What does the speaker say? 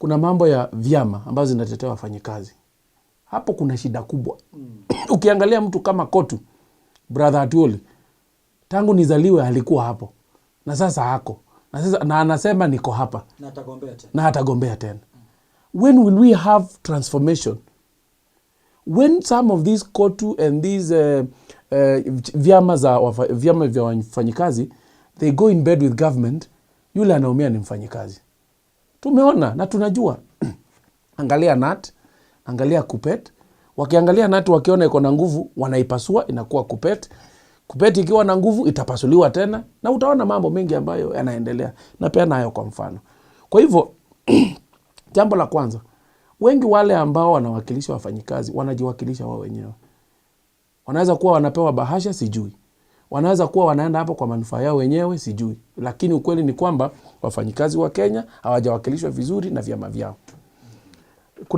kuna mambo ya vyama ambazo zinatetea wafanyikazi. Hapo kuna shida kubwa mm. Ukiangalia mtu kama Kotu brother Atuoli, tangu nizaliwe alikuwa hapo na sasa ako na sasa, na anasema niko hapa na atagombea tena, When will we have transformation when some of these Kotu and these uh, uh, vyama za vyama vya wafanyikazi they go in bed with government, yule anaumia ni mfanyikazi. Tumeona na tunajua angalia nat, angalia kupet. Wakiangalia nat wakiona iko na nguvu, wanaipasua inakuwa kupet. Kupet ikiwa na nguvu itapasuliwa tena, na utaona mambo mengi ambayo yanaendelea. napea nayo kwa mfano. Kwa hivyo jambo la kwanza, wengi wale ambao wanawakilisha wafanyikazi wanajiwakilisha wao wenyewe. Wanaweza kuwa wanapewa bahasha, sijui wanaweza kuwa wanaenda hapo kwa manufaa yao wenyewe, sijui, lakini ukweli ni kwamba wafanyikazi wa Kenya hawajawakilishwa vizuri na vyama vyao.